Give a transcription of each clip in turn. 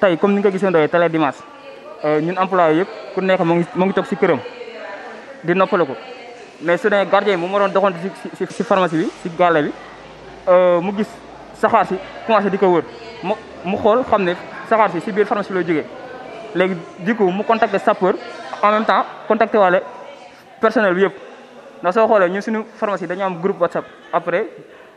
tey comme ni nga ko gisandoo télé dimanche euh, ñun employé yëpp ku nekk mu ngi mu ngi toog si këram di noppale ko mais su dee gardien bi mu ma doon doxantu si si pharmacie bi si gàlle bi euh, mu gis saxaar si commencé di ko wër mu mu xool xam ne saxaar si si biir pharmacie bi lay léegi du coup mu contacté sapeur en même temps contacté waale personnel bi yëpp ndax soo xoolee ñun suñu pharmacie dañu am group whatsapp après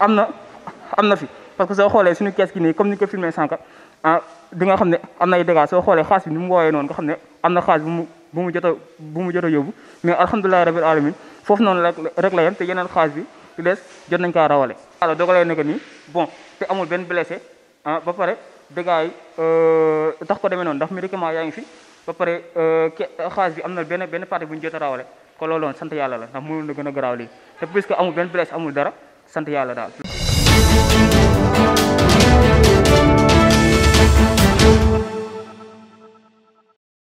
am na am na fi parce que soo xoolee suñu kees gi nii comme ni ko filmé sànq ah di nga xam ne am na ay dégâts soo xoolee xaas bi ni mu wooyee noonu nga xam ne am na xaas bu mu bu mu jot a bu mu jot a yóbbu mais alhamdulilah rabil alamin foofu noonu rek rek la yem te yeneen xaas bi di des jot nañ kaa rawale. alors dogalee na ko nii bon te amul benn blessé ah ba pare dégâts yi euh, tax ko demee noonu ndax médicament yaa ngi fi ba pare euh, xaas bi am na benn benn partie bu ñu jot a rawale ko loolu noonu sant la ndax mënul na gën a garaaw amul dara. sant yàlla daal.